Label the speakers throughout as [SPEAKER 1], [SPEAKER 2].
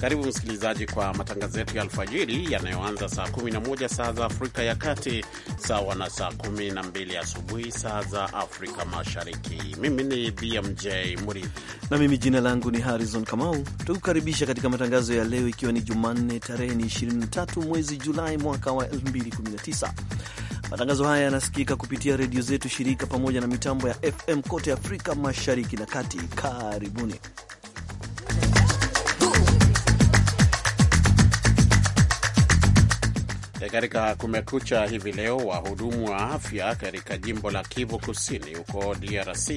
[SPEAKER 1] Karibu msikilizaji kwa matangazo yetu ya alfajiri yanayoanza saa 11 saa za Afrika ya Kati, sawa na saa 12 asubuhi saa za Afrika Mashariki. Mimi ni BMJ Murithi
[SPEAKER 2] na mimi jina langu ni Harrison Kamau, tukukaribisha katika matangazo ya leo, ikiwa ni Jumanne tarehe ni 23 mwezi Julai mwaka wa 2019. Matangazo haya yanasikika kupitia redio zetu shirika pamoja na mitambo ya FM kote Afrika Mashariki na Kati. Karibuni.
[SPEAKER 1] E, katika Kumekucha hivi leo, wahudumu wa afya katika jimbo la Kivu Kusini huko DRC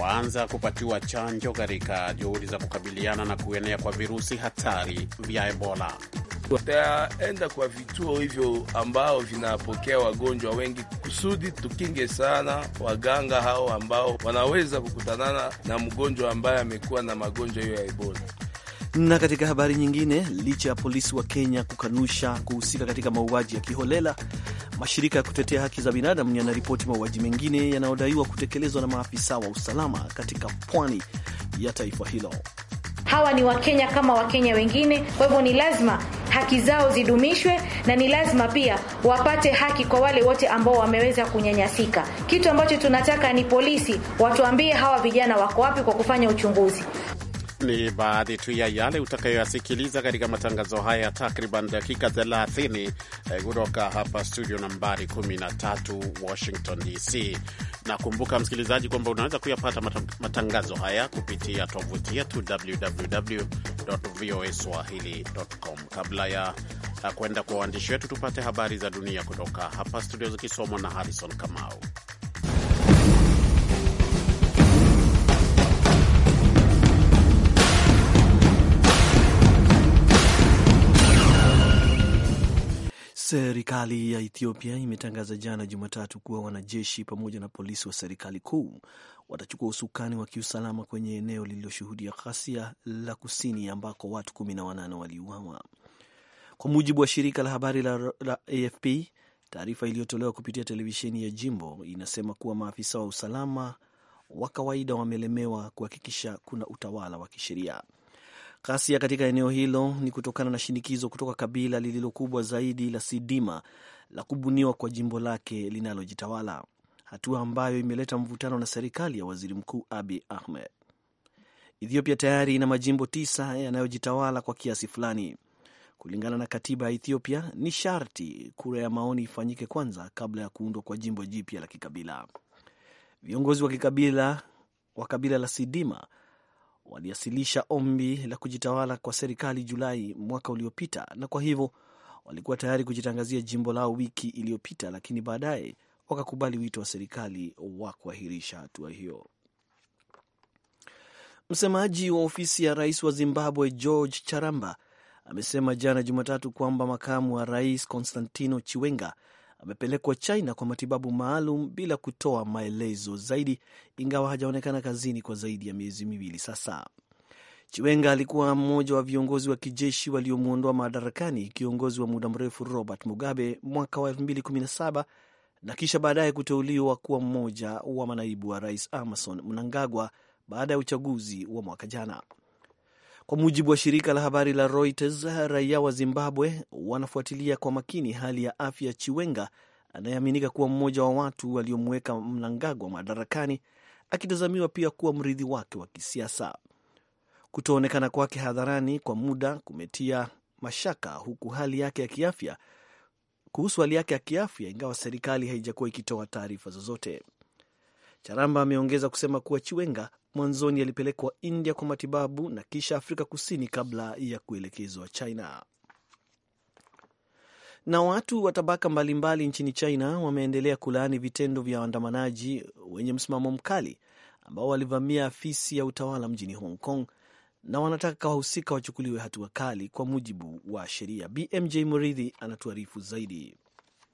[SPEAKER 1] waanza kupatiwa chanjo katika juhudi za kukabiliana na kuenea kwa virusi hatari vya Ebola.
[SPEAKER 3] Tutaenda kwa vituo hivyo ambao vinapokea wagonjwa wengi kusudi tukinge sana waganga hao ambao wanaweza kukutanana na mgonjwa ambaye amekuwa na magonjwa hiyo ya Ebola.
[SPEAKER 2] Na katika habari nyingine, licha ya polisi wa Kenya kukanusha kuhusika katika mauaji ya kiholela, mashirika ya kutetea haki za binadamu yanaripoti mauaji mengine yanayodaiwa kutekelezwa na maafisa wa usalama katika pwani ya taifa hilo.
[SPEAKER 4] Hawa ni Wakenya kama Wakenya wengine, kwa hivyo ni lazima haki zao zidumishwe na ni lazima pia wapate haki kwa wale wote ambao wameweza kunyanyasika. Kitu ambacho tunataka ni polisi watuambie hawa vijana wako wapi kwa kufanya uchunguzi.
[SPEAKER 1] Ni baadhi tu ya yale utakayoyasikiliza katika matangazo haya ya takriban dakika 30 eh, kutoka hapa studio nambari 13 Washington DC. nakumbuka msikilizaji, kwamba unaweza kuyapata matangazo haya kupitia tovuti yetu www voa swahili.com. Kabla ya kwenda kwa waandishi wetu, tupate habari za dunia kutoka hapa studio zikisomwa na Harrison Kamau.
[SPEAKER 2] Serikali ya Ethiopia imetangaza jana Jumatatu kuwa wanajeshi pamoja na polisi wa serikali kuu watachukua usukani wa kiusalama kwenye eneo lililoshuhudia ghasia la kusini ambako watu kumi na wanane waliuawa, kwa mujibu wa shirika la habari la, la AFP. Taarifa iliyotolewa kupitia televisheni ya jimbo inasema kuwa maafisa wa usalama wa kawaida wamelemewa kuhakikisha kuna utawala wa kisheria. Ghasia katika eneo hilo ni kutokana na shinikizo kutoka kabila lililokubwa zaidi la Sidima la kubuniwa kwa jimbo lake linalojitawala, hatua ambayo imeleta mvutano na serikali ya waziri mkuu Abi Ahmed. Ethiopia tayari ina majimbo tisa yanayojitawala kwa kiasi fulani. Kulingana na katiba ya Ethiopia, ni sharti kura ya maoni ifanyike kwanza kabla ya kuundwa kwa jimbo jipya la kikabila. Viongozi wa kikabila wa kabila la Sidima waliasilisha ombi la kujitawala kwa serikali Julai mwaka uliopita, na kwa hivyo walikuwa tayari kujitangazia jimbo lao wiki iliyopita, lakini baadaye wakakubali wito wa serikali wa kuahirisha hatua hiyo. Msemaji wa ofisi ya rais wa Zimbabwe George Charamba amesema jana Jumatatu kwamba makamu wa rais Constantino Chiwenga amepelekwa China kwa matibabu maalum bila kutoa maelezo zaidi, ingawa hajaonekana kazini kwa zaidi ya miezi miwili sasa. Chiwenga alikuwa mmoja wa viongozi wa kijeshi waliomwondoa madarakani kiongozi wa muda mrefu Robert Mugabe mwaka wa 2017 na kisha baadaye kuteuliwa kuwa mmoja wa manaibu wa rais Emmerson Mnangagwa baada ya uchaguzi wa mwaka jana. Kwa mujibu wa shirika la habari la Reuters, raia wa Zimbabwe wanafuatilia kwa makini hali ya afya Chiwenga anayeaminika kuwa mmoja wa watu waliomweka Mnangagwa madarakani, akitazamiwa pia kuwa mrithi wake wa kisiasa. Kutoonekana kwake hadharani kwa muda kumetia mashaka huku hali yake ya kiafya kuhusu hali yake ya kiafya, ingawa serikali haijakuwa ikitoa taarifa zozote. Charamba ameongeza kusema kuwa Chiwenga Mwanzoni alipelekwa India kwa matibabu na kisha Afrika Kusini kabla ya kuelekezwa China. Na watu wa tabaka mbalimbali nchini China wameendelea kulaani vitendo vya waandamanaji wenye msimamo mkali ambao walivamia afisi ya utawala mjini Hong Kong na wanataka wahusika wachukuliwe hatua kali kwa mujibu wa sheria. BMJ Muridhi anatuarifu zaidi.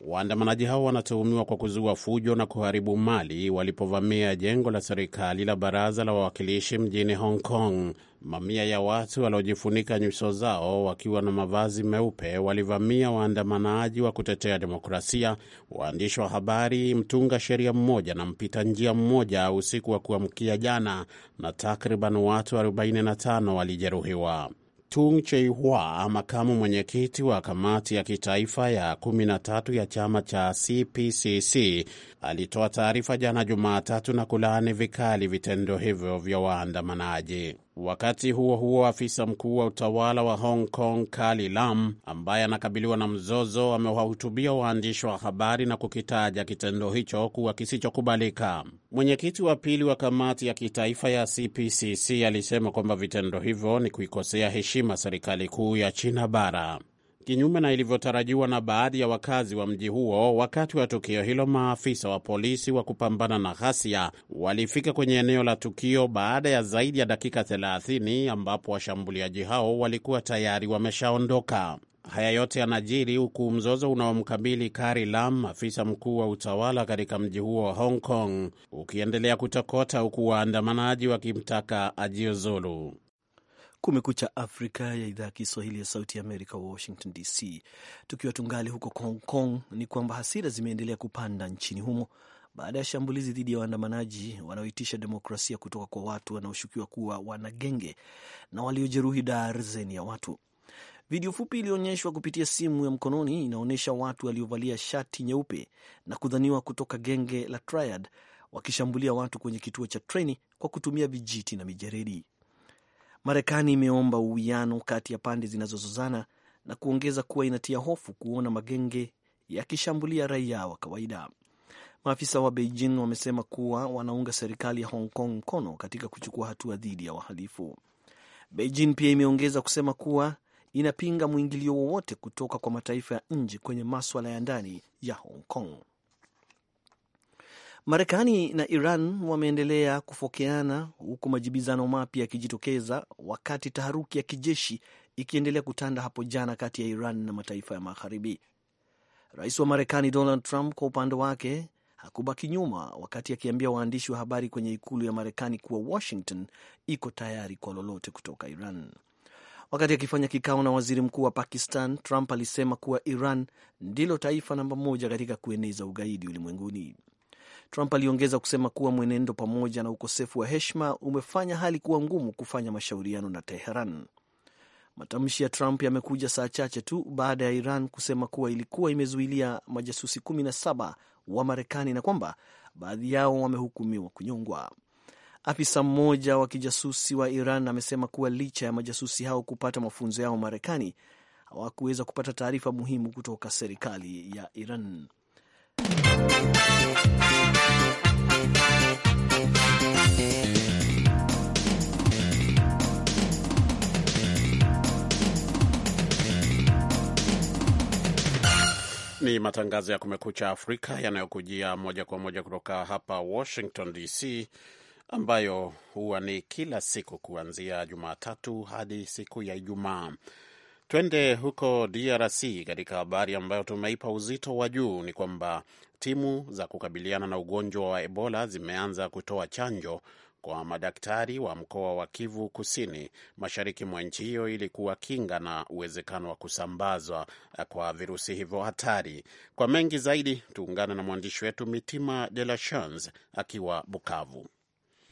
[SPEAKER 1] Waandamanaji hao wanatuhumiwa kwa kuzua fujo na kuharibu mali walipovamia jengo la serikali la baraza la wawakilishi mjini Hong Kong. Mamia ya watu waliojifunika nyuso zao wakiwa na mavazi meupe walivamia waandamanaji wa kutetea demokrasia, waandishi wa habari, mtunga sheria mmoja na mpita njia mmoja usiku wa kuamkia jana, na takriban watu 45 walijeruhiwa. Tung Cheihua, makamu mwenyekiti wa kamati ya kitaifa ya 13 ya chama cha CPCC, alitoa taarifa jana Jumatatu na kulaani vikali vitendo hivyo vya waandamanaji. Wakati huo huo, afisa mkuu wa utawala wa Hong Kong Carrie Lam, ambaye anakabiliwa na mzozo, amewahutubia waandishi wa habari na kukitaja kitendo hicho kuwa kisichokubalika. Mwenyekiti wa pili wa kamati ya kitaifa ya CPCC alisema kwamba vitendo hivyo ni kuikosea heshima serikali kuu ya China bara, kinyume na ilivyotarajiwa na baadhi ya wakazi wa mji huo. Wakati wa tukio hilo, maafisa wa polisi wa kupambana na ghasia walifika kwenye eneo la tukio baada ya zaidi ya dakika 30 ambapo washambuliaji hao walikuwa tayari wameshaondoka. Haya yote yanajiri huku mzozo unaomkabili Carrie Lam, afisa mkuu wa utawala katika mji huo wa Hong Kong, ukiendelea kutokota huku waandamanaji wakimtaka ajiuzulu. Kumekucha Afrika ya
[SPEAKER 2] idhaa ya Kiswahili ya Sauti ya Amerika, Washington DC. Tukiwa tungali huko Hong Kong, ni kwamba hasira zimeendelea kupanda nchini humo baada ya shambulizi dhidi ya waandamanaji wanaoitisha demokrasia kutoka kwa watu wanaoshukiwa kuwa wanagenge na waliojeruhi darzeni ya watu. Video fupi iliyoonyeshwa kupitia simu ya mkononi inaonyesha watu waliovalia shati nyeupe na kudhaniwa kutoka genge la Triad wakishambulia watu kwenye kituo cha treni kwa kutumia vijiti na mijeredi. Marekani imeomba uwiano kati ya pande zinazozozana na kuongeza kuwa inatia hofu kuona magenge yakishambulia raia wa kawaida. Maafisa wa Beijing wamesema kuwa wanaunga serikali ya Hong Kong mkono katika kuchukua hatua dhidi ya wahalifu. Beijing pia imeongeza kusema kuwa inapinga mwingilio wowote kutoka kwa mataifa ya nje kwenye maswala ya ndani ya Hong Kong. Marekani na Iran wameendelea kufokeana huku majibizano mapya yakijitokeza wakati taharuki ya kijeshi ikiendelea kutanda hapo jana kati ya Iran na mataifa ya Magharibi. Rais wa Marekani Donald Trump kwa upande wake hakubaki nyuma, wakati akiambia waandishi wa habari kwenye ikulu ya Marekani kuwa Washington iko tayari kwa lolote kutoka Iran. Wakati akifanya kikao na waziri mkuu wa Pakistan, Trump alisema kuwa Iran ndilo taifa namba moja katika kueneza ugaidi ulimwenguni. Trump aliongeza kusema kuwa mwenendo pamoja na ukosefu wa heshima umefanya hali kuwa ngumu kufanya mashauriano na Teheran. Matamshi ya Trump yamekuja saa chache tu baada ya Iran kusema kuwa ilikuwa imezuilia majasusi 17 wa Marekani na kwamba baadhi yao wamehukumiwa kunyongwa. Afisa mmoja wa kijasusi wa Iran amesema kuwa licha ya majasusi hao kupata mafunzo yao Marekani, hawakuweza kupata taarifa muhimu kutoka serikali ya Iran.
[SPEAKER 1] Ni matangazo ya Kumekucha Afrika yanayokujia moja kwa moja kutoka hapa Washington DC ambayo huwa ni kila siku kuanzia Jumatatu hadi siku ya Ijumaa. Twende huko DRC. Katika habari ambayo tumeipa uzito wa juu ni kwamba timu za kukabiliana na ugonjwa wa Ebola zimeanza kutoa chanjo kwa madaktari wa mkoa wa Kivu Kusini, mashariki mwa nchi hiyo ili kuwakinga na uwezekano wa kusambazwa kwa virusi hivyo hatari. Kwa mengi zaidi, tuungane na mwandishi wetu Mitima De La Chance akiwa Bukavu.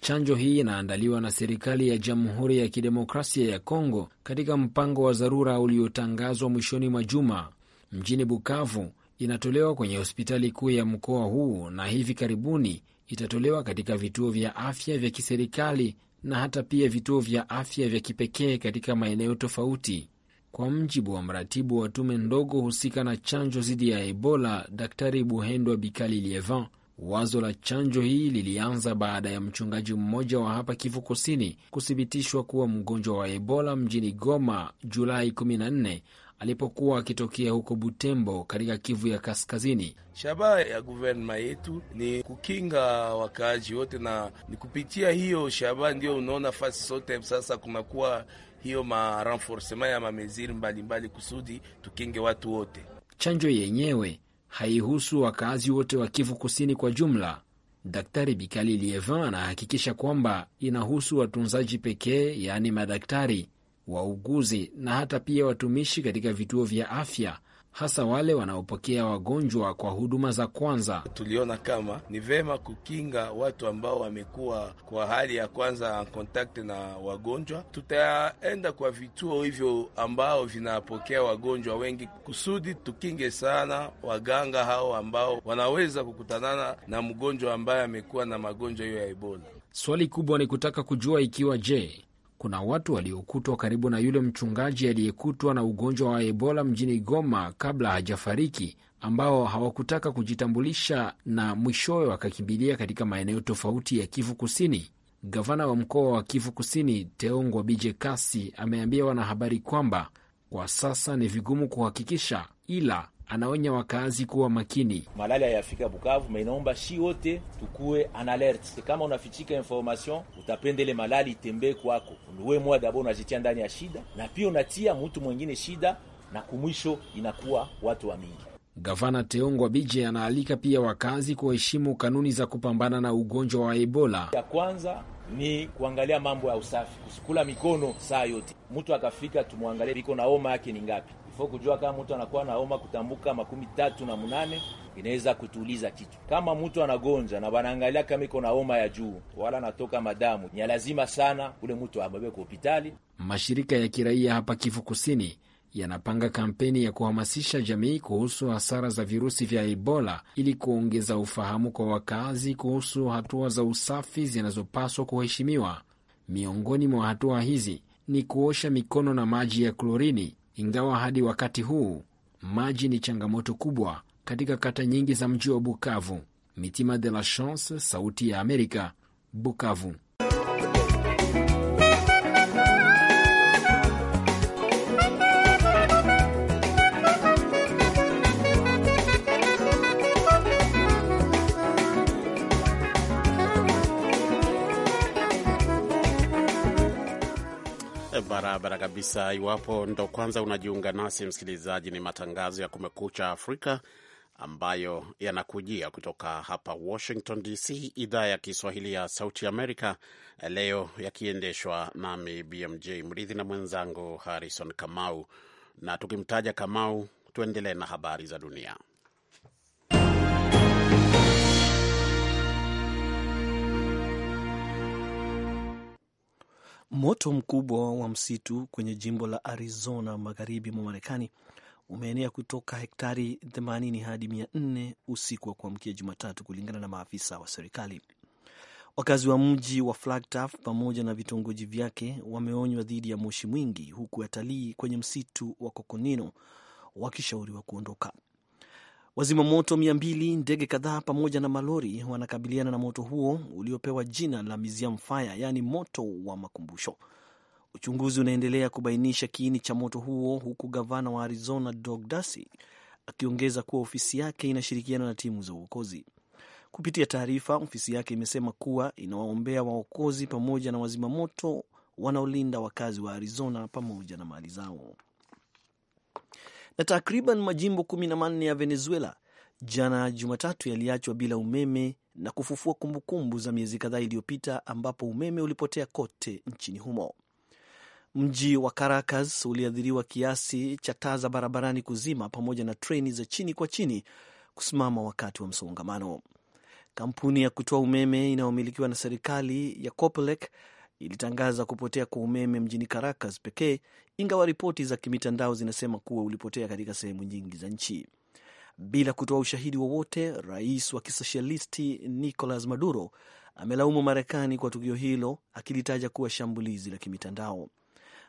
[SPEAKER 5] Chanjo hii inaandaliwa na serikali ya Jamhuri ya Kidemokrasia ya Kongo katika mpango wa dharura uliotangazwa mwishoni mwa juma mjini Bukavu. Inatolewa kwenye hospitali kuu ya mkoa huu na hivi karibuni itatolewa katika vituo vya afya vya kiserikali na hata pia vituo vya afya vya kipekee katika maeneo tofauti. Kwa mjibu wa mratibu wa tume ndogo husika na chanjo dhidi ya Ebola, Daktari Buhendwa Bikali Lievan, Wazo la chanjo hii lilianza baada ya mchungaji mmoja wa hapa Kivu Kusini kuthibitishwa kuwa mgonjwa wa Ebola mjini Goma Julai 14 alipokuwa akitokea huko Butembo katika Kivu ya Kaskazini.
[SPEAKER 3] Shabaha ya guvernema yetu ni kukinga wakaaji wote, na ni kupitia hiyo shabaha ndio unaona fasi sote sasa kunakuwa hiyo marenforcement ya mameziri mbalimbali kusudi tukinge watu wote.
[SPEAKER 5] Chanjo yenyewe haihusu wakazi wote wa Kivu Kusini kwa jumla. Daktari Bikali Lievin anahakikisha kwamba inahusu watunzaji pekee, yaani madaktari, wauguzi na hata pia watumishi katika vituo vya afya hasa wale wanaopokea wagonjwa kwa huduma za kwanza.
[SPEAKER 3] Tuliona kama ni vema kukinga watu ambao wamekuwa kwa hali ya kwanza en contact na wagonjwa. Tutaenda kwa vituo hivyo ambao vinapokea wagonjwa wengi, kusudi tukinge sana waganga hao ambao wanaweza kukutanana na mgonjwa ambaye amekuwa na magonjwa hiyo ya Ebola. Swali
[SPEAKER 5] kubwa ni kutaka kujua ikiwa je kuna watu waliokutwa karibu na yule mchungaji aliyekutwa na ugonjwa wa Ebola mjini Goma kabla hajafariki, ambao hawakutaka kujitambulisha na mwishowe wakakimbilia katika maeneo tofauti ya Kivu Kusini. Gavana wa mkoa wa Kivu Kusini Teongwa Bije Kasi ameambia wanahabari kwamba kwa sasa ni vigumu kuhakikisha, ila anaonya wakazi kuwa makini.
[SPEAKER 3] Malaria yafika Bukavu, mainaomba shi wote tukuwe analert. Kama unafichika information, utapendele malali itembee kwako, we mwa dabo unajitia ndani ya shida, na pia unatia mutu mwingine shida, na kumwisho inakuwa watu wa mingi.
[SPEAKER 5] Gavana Teongwa Bije anaalika pia wakazi kuheshimu kanuni za kupambana na ugonjwa wa Ebola. Ya
[SPEAKER 3] kwanza ni kuangalia mambo ya usafi, kusukula mikono saa yote. Mtu akafika tumwangalie iko na homa yake ni ngapi, before kujua kama mtu anakuwa na homa kutambuka makumi tatu na munane inaweza kutuuliza kitu. Kama mtu anagonja na wanaangalia kama iko na homa ya juu wala anatoka madamu, ni lazima sana ule mtu abebwe kwa hospitali.
[SPEAKER 5] Mashirika ya kiraia hapa Kivu Kusini yanapanga kampeni ya kuhamasisha jamii kuhusu hasara za virusi vya Ebola ili kuongeza ufahamu kwa wakazi kuhusu hatua za usafi zinazopaswa kuheshimiwa. Miongoni mwa hatua hizi ni kuosha mikono na maji ya klorini, ingawa hadi wakati huu maji ni changamoto kubwa katika kata nyingi za mji wa Bukavu. Mitima de la Chance, Sauti ya Amerika, Bukavu.
[SPEAKER 1] Barabara kabisa. Iwapo ndo kwanza unajiunga nasi, msikilizaji, ni matangazo ya Kumekucha Afrika ambayo yanakujia kutoka hapa Washington DC, idhaa ya Kiswahili ya Sauti Amerika, leo yakiendeshwa nami BMJ Mridhi na mwenzangu Harrison Kamau. Na tukimtaja Kamau, tuendelee na habari za dunia.
[SPEAKER 2] Moto mkubwa wa msitu kwenye jimbo la Arizona magharibi mwa Marekani umeenea kutoka hektari 80 hadi 400 usiku wa kuamkia Jumatatu, kulingana na maafisa wa serikali. Wakazi wa mji wa Flagstaff pamoja na vitongoji vyake wameonywa dhidi ya moshi mwingi, huku watalii kwenye msitu wa Kokonino wakishauriwa kuondoka. Wazimamoto mia mbili, ndege kadhaa pamoja na malori wanakabiliana na moto huo uliopewa jina la Museum Fire, yaani moto wa makumbusho. Uchunguzi unaendelea kubainisha kiini cha moto huo, huku gavana wa Arizona Doug Ducey akiongeza kuwa ofisi yake inashirikiana na timu za uokozi. Kupitia taarifa, ofisi yake imesema kuwa inawaombea waokozi pamoja na wazimamoto wanaolinda wakazi wa Arizona pamoja na mali zao na takriban majimbo 14 ya Venezuela jana Jumatatu yaliachwa bila umeme na kufufua kumbukumbu za miezi kadhaa iliyopita ambapo umeme ulipotea kote nchini humo. Mji wa Caracas uliathiriwa kiasi cha taa za barabarani kuzima pamoja na treni za chini kwa chini kusimama wakati wa msongamano. Kampuni ya kutoa umeme inayomilikiwa na serikali ya Copelec ilitangaza kupotea kwa umeme mjini Caracas pekee, ingawa ripoti za kimitandao zinasema kuwa ulipotea katika sehemu nyingi za nchi. Bila kutoa ushahidi wowote, rais wa kisosialisti Nicolas Maduro amelaumu Marekani kwa tukio hilo, akilitaja kuwa shambulizi la kimitandao.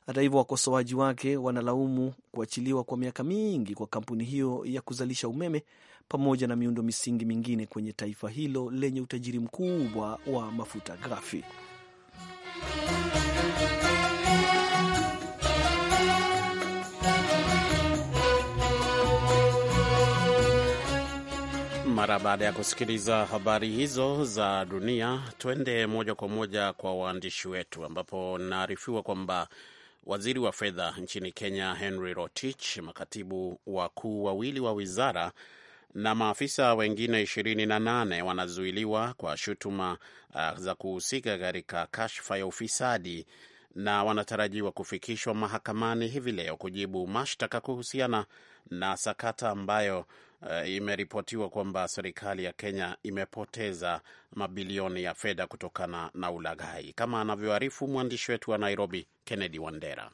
[SPEAKER 2] Hata hivyo, wakosoaji wake wanalaumu kuachiliwa kwa miaka mingi kwa kampuni hiyo ya kuzalisha umeme pamoja na miundo misingi mingine kwenye taifa hilo lenye utajiri mkubwa wa mafuta ghafi.
[SPEAKER 1] Mara baada ya kusikiliza habari hizo za dunia, twende moja kwa moja kwa waandishi wetu, ambapo naarifiwa kwamba waziri wa fedha nchini Kenya Henry Rotich, makatibu wakuu wawili wa wizara na maafisa wengine 28 wanazuiliwa kwa shutuma uh, za kuhusika katika kashfa ya ufisadi na wanatarajiwa kufikishwa mahakamani hivi leo kujibu mashtaka kuhusiana na sakata ambayo uh, imeripotiwa kwamba serikali ya Kenya imepoteza mabilioni ya fedha kutokana na ulaghai, kama anavyoarifu mwandishi wetu wa Nairobi, Kennedy Wandera.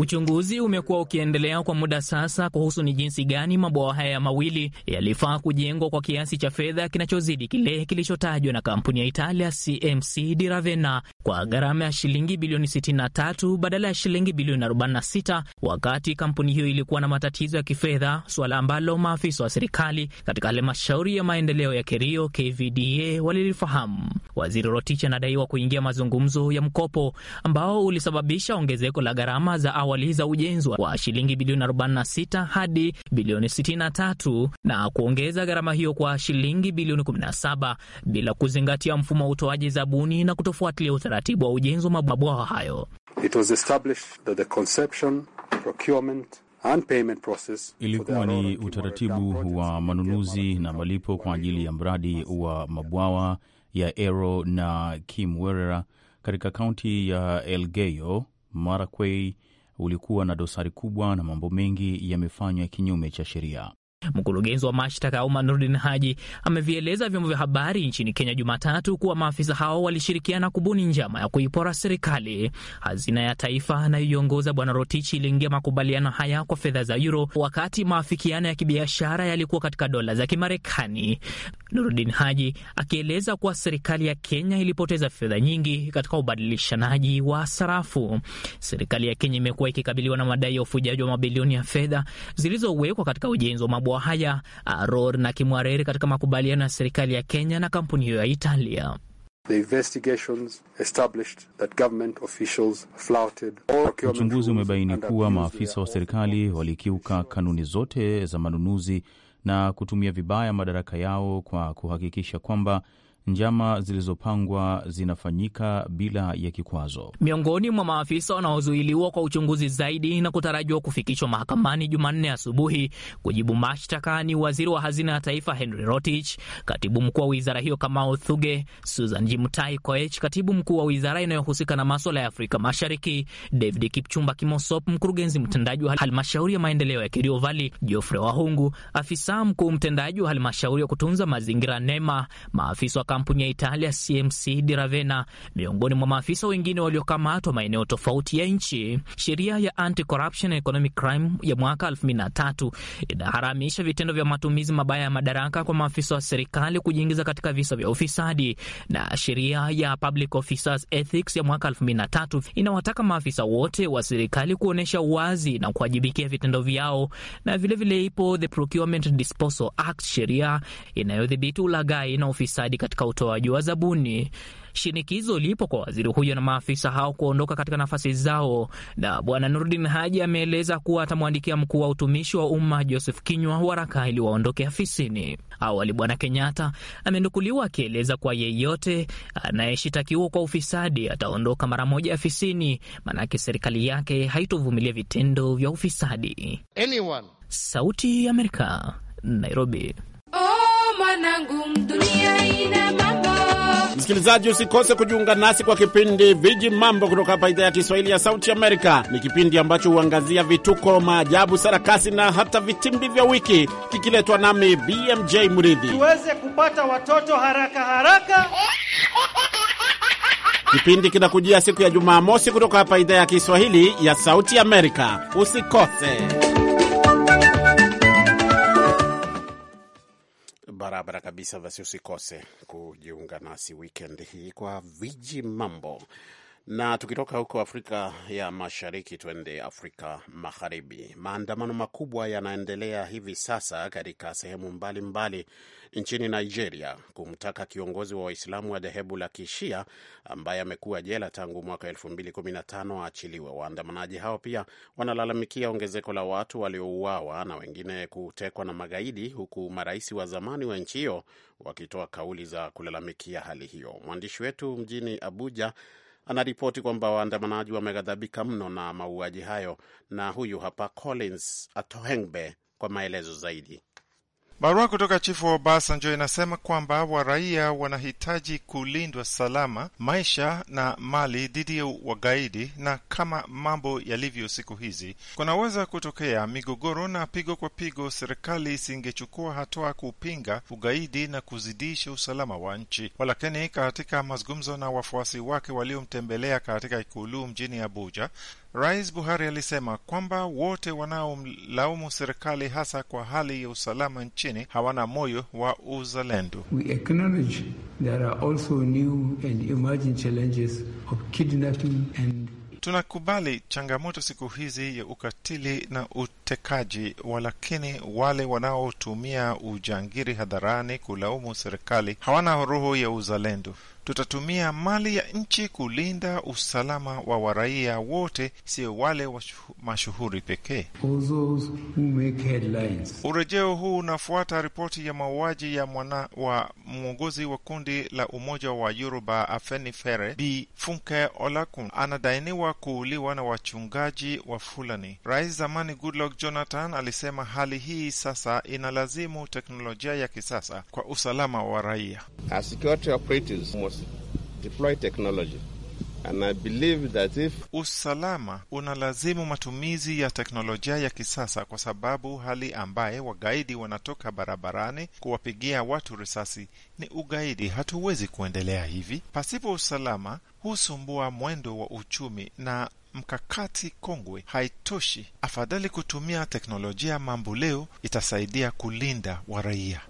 [SPEAKER 4] Uchunguzi umekuwa ukiendelea kwa muda sasa kuhusu ni jinsi gani mabwawa haya mawili yalifaa kujengwa kwa kiasi cha fedha kinachozidi kile kilichotajwa na kampuni ya Italia CMC di Ravenna kwa gharama ya shilingi bilioni 63 badala ya shilingi bilioni 46, wakati kampuni hiyo ilikuwa na matatizo ya kifedha, suala ambalo maafisa wa serikali katika halmashauri ya maendeleo ya Kerio KVDA walilifahamu. Waziri Rotich anadaiwa kuingia mazungumzo ya mkopo ambao ulisababisha ongezeko la gharama za awali ujenzi wa shilingi bilioni 46 hadi bilioni 63 na kuongeza gharama hiyo kwa shilingi bilioni 17 bila kuzingatia mfumo wa utoaji zabuni na kutofuatilia utaratibu wa ujenzi wa mabwawa hayo. It
[SPEAKER 5] was established that the
[SPEAKER 4] conception, procurement
[SPEAKER 1] Ilikuwa ni utaratibu wa manunuzi na malipo kwa ajili ya mradi wa mabwawa ya Ero na Kimwerera katika kaunti ya Elgeyo Marakwet ulikuwa na dosari kubwa
[SPEAKER 3] na mambo mengi yamefanywa kinyume cha sheria. Mkurugenzi wa mashtaka ya Omar Nurdin Haji
[SPEAKER 4] amevieleza vyombo vya habari nchini Kenya Jumatatu kuwa maafisa hao walishirikiana kubuni njama ya kuipora serikali. Hazina ya Taifa anayoiongoza Bwana Rotichi iliingia makubaliano haya kwa fedha za euro, wakati maafikiano ya kibiashara yalikuwa katika dola za Kimarekani. Nurdin Haji akieleza kuwa serikali ya Kenya ilipoteza fedha nyingi katika ubadilishanaji wa sarafu. Serikali ya Kenya imekuwa ikikabiliwa na madai ya ufujaji wa mabilioni ya fedha zilizowekwa katika ujenzi wa haya Aror na kimwareri katika makubaliano ya serikali ya Kenya na kampuni hiyo ya Italia.
[SPEAKER 3] Uchunguzi umebaini kuwa maafisa wa serikali walikiuka kanuni zote za manunuzi na kutumia vibaya madaraka yao kwa kuhakikisha kwamba njama zilizopangwa zinafanyika bila ya kikwazo.
[SPEAKER 4] Miongoni mwa maafisa wanaozuiliwa kwa uchunguzi zaidi na kutarajiwa kufikishwa mahakamani Jumanne asubuhi kujibu mashtaka ni waziri wa hazina ya taifa Henry Rotich, katibu mkuu wa wizara hiyo Kamau Thuge, Susan Jimtai Koech, katibu mkuu wa wizara inayohusika na maswala ya Afrika Mashariki, David Kipchumba Kimosop, mkurugenzi mtendaji wa halmashauri ya maendeleo ya kiriovali Valley, Geoffrey Wahungu, afisa mkuu mtendaji wa halmashauri ya kutunza mazingira NEMA, maafisa kampuni ya Italia CMC di Ravenna, miongoni mwa maafisa wengine waliokamatwa maeneo tofauti ya nchi. Sheria ya Anti-Corruption Economic Crime ya mwaka 2003 inaharamisha vitendo vya matumizi mabaya ya madaraka kwa maafisa wa serikali kujiingiza katika visa vya ufisadi, na sheria ya Public Officers Ethics ya mwaka 2003 inawataka maafisa wote wa serikali kuonyesha uwazi na kuwajibikia vitendo vyao, na vilevile vile ipo the Procurement Disposal Act, sheria inayodhibiti ulagai na ufisadi katika katika utoaji wa zabuni. Shinikizo lipo kwa waziri huyo na maafisa hao kuondoka katika nafasi zao, na Bwana Nurdin Haji ameeleza kuwa atamwandikia mkuu wa utumishi wa umma Joseph Kinywa waraka ili waondoke afisini. Awali Bwana Kenyatta amenukuliwa akieleza kuwa yeyote anayeshitakiwa kwa ufisadi ataondoka mara moja afisini, maanake serikali yake haitovumilia vitendo vya
[SPEAKER 1] ufisadi. Anyone. Sauti ya Amerika, Nairobi. Oh! Msikilizaji, usikose kujiunga nasi kwa kipindi Viji Mambo kutoka hapa idhaa ya Kiswahili ya Sauti Amerika. Ni kipindi ambacho huangazia vituko, maajabu, sarakasi na hata vitimbi vya wiki, kikiletwa nami BMJ Mridhi,
[SPEAKER 6] tuweze kupata watoto haraka haraka.
[SPEAKER 1] Kipindi kinakujia siku ya Jumamosi kutoka hapa idhaa ya Kiswahili ya Sauti Amerika. Usikose. barabara kabisa. Basi usikose kujiunga nasi wikendi hii kwa viji mambo. Na tukitoka huko Afrika ya Mashariki tuende Afrika Magharibi. Maandamano makubwa yanaendelea hivi sasa katika sehemu mbalimbali mbali nchini Nigeria kumtaka kiongozi wa Waislamu wa dhehebu la Kishia ambaye amekuwa jela tangu mwaka 2015 aachiliwe. Waandamanaji hao pia wanalalamikia ongezeko la watu waliouawa na wengine kutekwa na magaidi, huku marais wa zamani wa nchi hiyo wakitoa kauli za kulalamikia hali hiyo. Mwandishi wetu mjini Abuja anaripoti kwamba waandamanaji wameghadhabika mno na mauaji hayo, na huyu hapa Collins Atohengbe kwa maelezo zaidi.
[SPEAKER 6] Barua kutoka chifu wa Obasanjo inasema kwamba waraia wanahitaji kulindwa salama, maisha na mali dhidi ya wagaidi, na kama mambo yalivyo siku hizi kunaweza kutokea migogoro na pigo kwa pigo, serikali isingechukua hatua kupinga ugaidi na kuzidisha usalama wa nchi. Walakini, katika mazungumzo na wafuasi wake waliomtembelea katika ikulu mjini Abuja, Rais Buhari alisema kwamba wote wanaolaumu serikali hasa kwa hali ya usalama nchini hawana moyo wa uzalendo.
[SPEAKER 5] We acknowledge there are also new and emerging challenges
[SPEAKER 3] of kidnapping and
[SPEAKER 6] Tunakubali changamoto siku hizi ya ukatili na utekaji, walakini wale wanaotumia ujangiri hadharani kulaumu serikali hawana roho ya uzalendo. Tutatumia mali ya nchi kulinda usalama wa waraia wote, sio wale wa mashuhuri pekee. Urejeo huu unafuata ripoti ya mauaji ya mwana wa mwongozi wa kundi la umoja wa Yoruba Afenifere, Bi Funke Olakun, anadainiwa kuuliwa na wachungaji wa Fulani. Rais zamani Goodluck Jonathan alisema hali hii sasa inalazimu teknolojia ya kisasa kwa usalama wa raia. As deploy technology. And I believe that if... usalama unalazimu matumizi ya teknolojia ya kisasa kwa sababu hali ambaye wagaidi wanatoka barabarani kuwapigia watu risasi ni ugaidi. Hatuwezi kuendelea hivi pasipo usalama, husumbua mwendo wa uchumi na mkakati kongwe haitoshi, afadhali kutumia teknolojia mambo itasaidia kulinda waraia.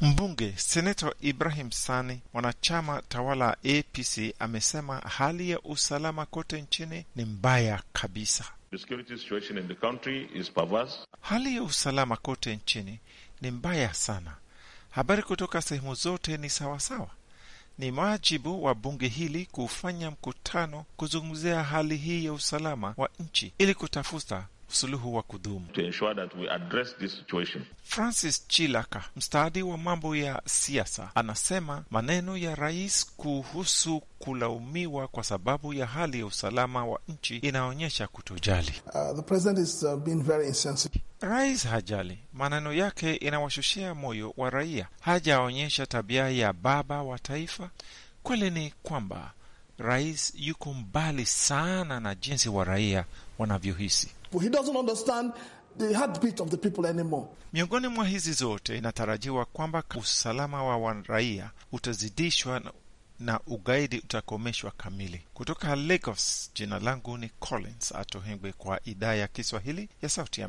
[SPEAKER 6] Mbunge Senator Ibrahim Sani, mwanachama tawala APC, amesema hali ya usalama kote nchini ni mbaya kabisa. The security situation in the country is perverse. Hali ya usalama kote nchini ni mbaya sana. Habari kutoka sehemu zote ni sawasawa sawa. Ni wajibu wa bunge hili kufanya mkutano kuzungumzia hali hii ya usalama wa nchi ili kutafuta suluhu wa kudumu. Francis Chilaka, mstaadi wa mambo ya siasa, anasema maneno ya rais kuhusu kulaumiwa kwa sababu ya hali ya usalama wa nchi inaonyesha kutojali. Uh, uh Rais hajali maneno yake, inawashushia moyo wa raia. Hajaonyesha tabia ya baba wa taifa. Kweli ni kwamba rais yuko mbali sana na jinsi wa raia wanavyohisi. Miongoni mwa hizi zote, inatarajiwa kwamba usalama wa waraia utazidishwa na ugaidi utakomeshwa kamili. Kutoka Lagos, jina langu ni Collins Atohengwe, kwa idhaa ya Kiswahili ya Sauti ya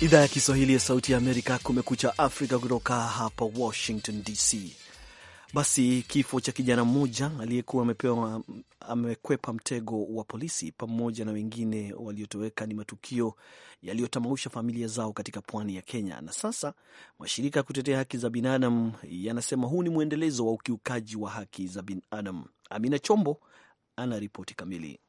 [SPEAKER 1] Idhaa ya Kiswahili
[SPEAKER 2] ya Sauti ya Amerika, Kumekucha Afrika, kutoka hapa Washington DC. Basi, kifo cha kijana mmoja aliyekuwa amekwepa mtego wa polisi pamoja na wengine waliotoweka ni matukio yaliyotamausha familia zao katika pwani ya Kenya, na sasa mashirika ya kutetea haki za binadamu yanasema huu ni mwendelezo wa ukiukaji wa haki za binadamu. Amina Chombo ana ripoti kamili.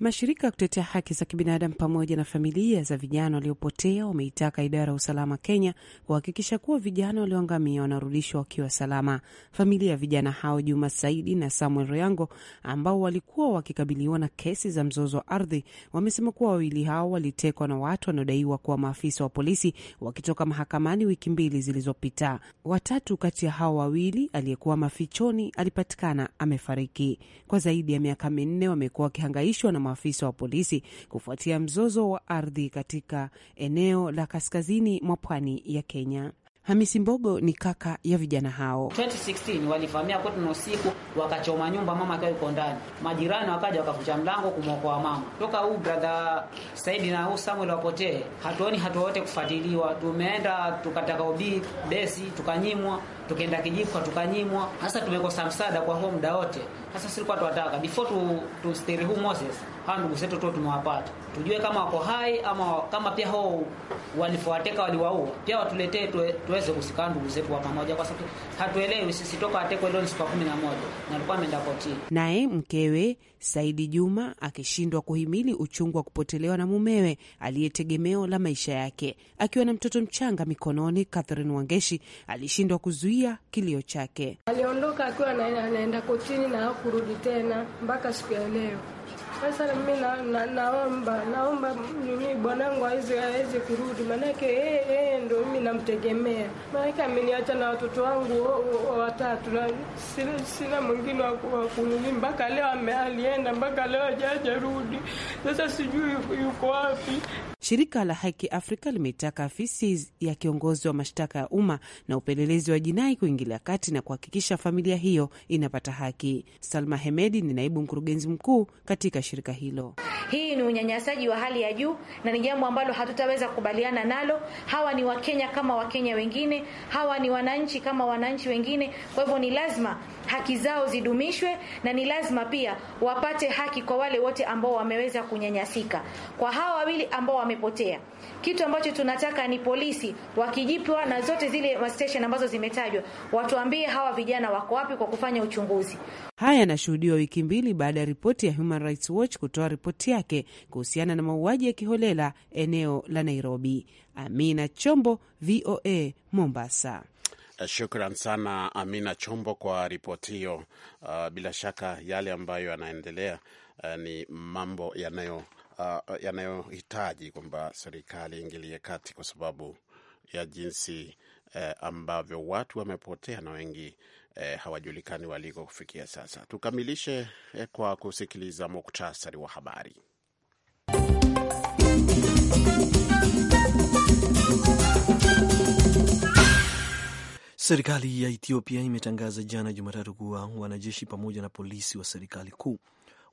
[SPEAKER 7] Mashirika ya kutetea haki za kibinadamu pamoja na familia za vijana waliopotea wameitaka idara ya usalama Kenya kuhakikisha kuwa vijana walioangamia wanarudishwa wakiwa salama. Familia ya vijana hao Juma Saidi na Samuel Royango, ambao walikuwa wakikabiliwa na kesi za mzozo wa ardhi, wamesema kuwa wawili hao walitekwa na watu wanaodaiwa kuwa maafisa wa polisi wakitoka mahakamani wiki mbili zilizopita. Watatu kati ya hao wawili, aliyekuwa mafichoni, alipatikana amefariki. Kwa zaidi ya miaka minne wamekuwa wakihangaishwa na maafisa wa polisi kufuatia mzozo wa ardhi katika eneo la kaskazini mwa pwani ya Kenya. Hamisi Mbogo ni kaka ya vijana hao. 2016 walivamia kwetu na usiku wakachoma nyumba, mama akiwa yuko ndani. Majirani wakaja wakafucha mlango kumwokoa mama toka. Huu bradha Saidi na huu Samuel wapotee, hatuoni hatu wote kufuatiliwa. Tumeenda tukataka ubii besi tukanyimwa tukienda kijiko tukanyimwa. Hasa tumekosa msaada kwa huo muda wote. Hasa silikuwa tuwataka before tu, tu stiri huu Moses, hawa ndugu zetu tu tumewapata, tujue kama wako hai ama kama pia hao walivyowateka waliwaua, pia watuletee tuwe, tuweze kusikana ndugu zetu wa pamoja, kwa sababu hatuelewi sisi toka atekwe leo ni siku kumi na moja na alikuwa ameenda kotini. Naye mkewe Saidi Juma akishindwa kuhimili uchungu wa kupotelewa na mumewe aliye tegemeo la maisha yake. Akiwa na mtoto mchanga mikononi, Catherine Wangeshi alishindwa kuzuia kilio chake. Aliondoka akiwa anaenda kotini na hakurudi tena mpaka siku ya leo. Sasa mimi na, naomba naomba mimi bwanangu aweze aweze kurudi, maanake yeye hey, ndo mimi namtegemea, maanake ameniacha na watoto wangu watatu na sina, sina mwingine wa kunini mpaka leo ame alienda mpaka leo hajajarudi.
[SPEAKER 3] Sasa sijui yuko wapi.
[SPEAKER 7] Shirika la Haki Afrika limetaka afisi ya kiongozi wa mashtaka ya umma na upelelezi wa jinai kuingilia kati na kuhakikisha familia hiyo inapata haki. Salma Hemedi ni naibu mkurugenzi mkuu katika shirika hilo.
[SPEAKER 4] Hii ni unyanyasaji wa hali ya juu na ni jambo ambalo hatutaweza kukubaliana nalo. Hawa ni Wakenya kama Wakenya wengine, hawa ni wananchi kama wananchi wengine, kwa hivyo ni lazima haki zao zidumishwe, na ni lazima pia wapate haki kwa wale wote ambao wameweza kunyanyasika, kwa hawa wawili ambao wamepotea. Kitu ambacho tunataka ni polisi wakijipwa na zote zile station ambazo zimetajwa, watuambie hawa vijana wako wapi kwa
[SPEAKER 7] kufanya uchunguzi. Haya yanashuhudiwa wiki mbili baada ya ripoti ya Human Rights Watch kutoa ripoti yake kuhusiana na mauaji ya kiholela eneo la Nairobi. Amina Chombo, VOA, Mombasa.
[SPEAKER 1] Eh, shukran sana Amina Chombo kwa ripoti hiyo. Uh, bila shaka yale ambayo yanaendelea uh, ni mambo yanayo uh, yanayohitaji kwamba serikali ingilie kati kwa sababu ya jinsi uh, ambavyo watu wamepotea na wengi eh, hawajulikani waliko kufikia sasa. Tukamilishe kwa kusikiliza muktasari wa habari.
[SPEAKER 2] Serikali ya Ethiopia imetangaza jana Jumatatu kuwa wanajeshi pamoja na polisi wa serikali kuu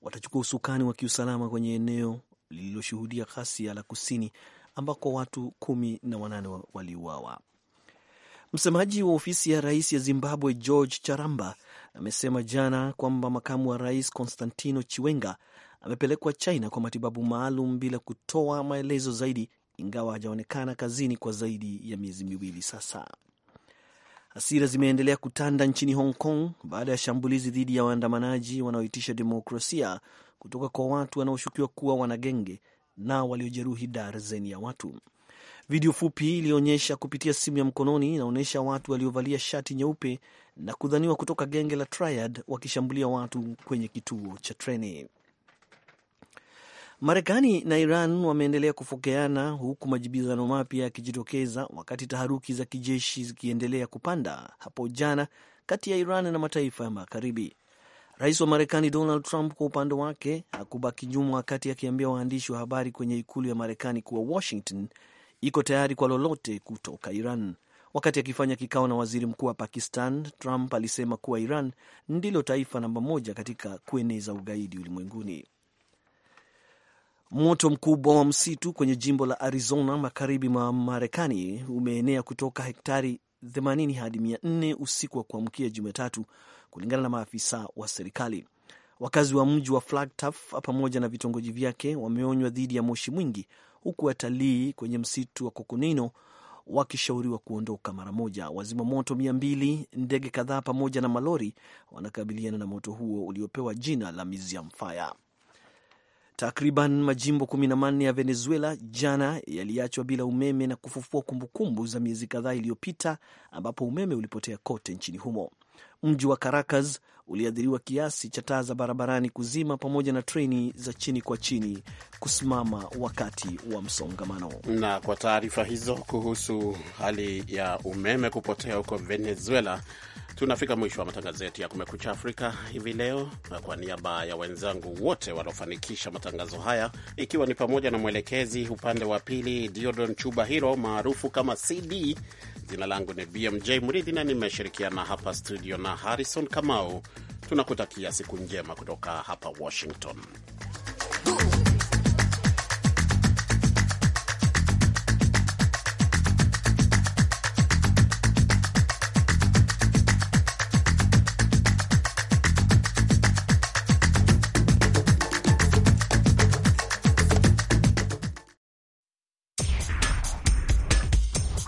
[SPEAKER 2] watachukua usukani wa kiusalama kwenye eneo lililoshuhudia ghasia la kusini ambako watu kumi na wanane waliuawa. Msemaji wa ofisi ya rais ya Zimbabwe George Charamba amesema jana kwamba makamu wa rais Constantino Chiwenga amepelekwa China kwa matibabu maalum bila kutoa maelezo zaidi, ingawa hajaonekana kazini kwa zaidi ya miezi miwili sasa. Hasira zimeendelea kutanda nchini Hong Kong baada ya shambulizi dhidi ya waandamanaji wanaoitisha demokrasia kutoka kwa watu wanaoshukiwa kuwa wanagenge na waliojeruhi darzeni ya watu. Video fupi iliyoonyesha kupitia simu ya mkononi inaonyesha watu waliovalia shati nyeupe na kudhaniwa kutoka genge la Triad wakishambulia watu kwenye kituo cha treni. Marekani na Iran wameendelea kufokeana huku majibizano mapya yakijitokeza wakati taharuki za kijeshi zikiendelea kupanda hapo jana kati ya Iran na mataifa ya Magharibi. Rais wa Marekani Donald Trump kwa upande wake hakubaki nyuma, wakati akiambia waandishi wa habari kwenye ikulu ya Marekani kuwa Washington iko tayari kwa lolote kutoka Iran. Wakati akifanya kikao na waziri mkuu wa Pakistan, Trump alisema kuwa Iran ndilo taifa namba moja katika kueneza ugaidi ulimwenguni. Moto mkubwa wa msitu kwenye jimbo la Arizona magharibi mwa Marekani umeenea kutoka hektari 80 hadi 400 usiku wa kuamkia Jumatatu, kulingana na maafisa wa serikali. Wakazi wa mji wa Flagstaff pamoja na vitongoji vyake wameonywa dhidi ya moshi mwingi, huku watalii kwenye msitu wa Kokonino wakishauriwa kuondoka mara moja. Wazima moto mia mbili, ndege kadhaa pamoja na malori wanakabiliana na moto huo uliopewa jina la Museum Fire. Takriban majimbo manne ya Venezuela jana yaliachwa bila umeme na kufufua kumbukumbu za miezi kadhaa iliyopita ambapo umeme ulipotea kote nchini humo. Mji wa Caracas uliathiriwa kiasi cha taa za barabarani kuzima pamoja na treni za chini kwa chini kusimama wakati wa msongamano.
[SPEAKER 1] Na kwa taarifa hizo kuhusu hali ya umeme kupotea huko Venezuela, Tunafika mwisho wa matangazo yetu ya Kumekucha Afrika hivi leo, kwa niaba ya wenzangu wote waliofanikisha matangazo haya, ikiwa ni pamoja na mwelekezi upande wa pili Diodon Chuba Hiro maarufu kama CD, jina langu ni BMJ Mridhi na nimeshirikiana hapa studio na Harrison Kamau. Tunakutakia siku njema kutoka hapa Washington.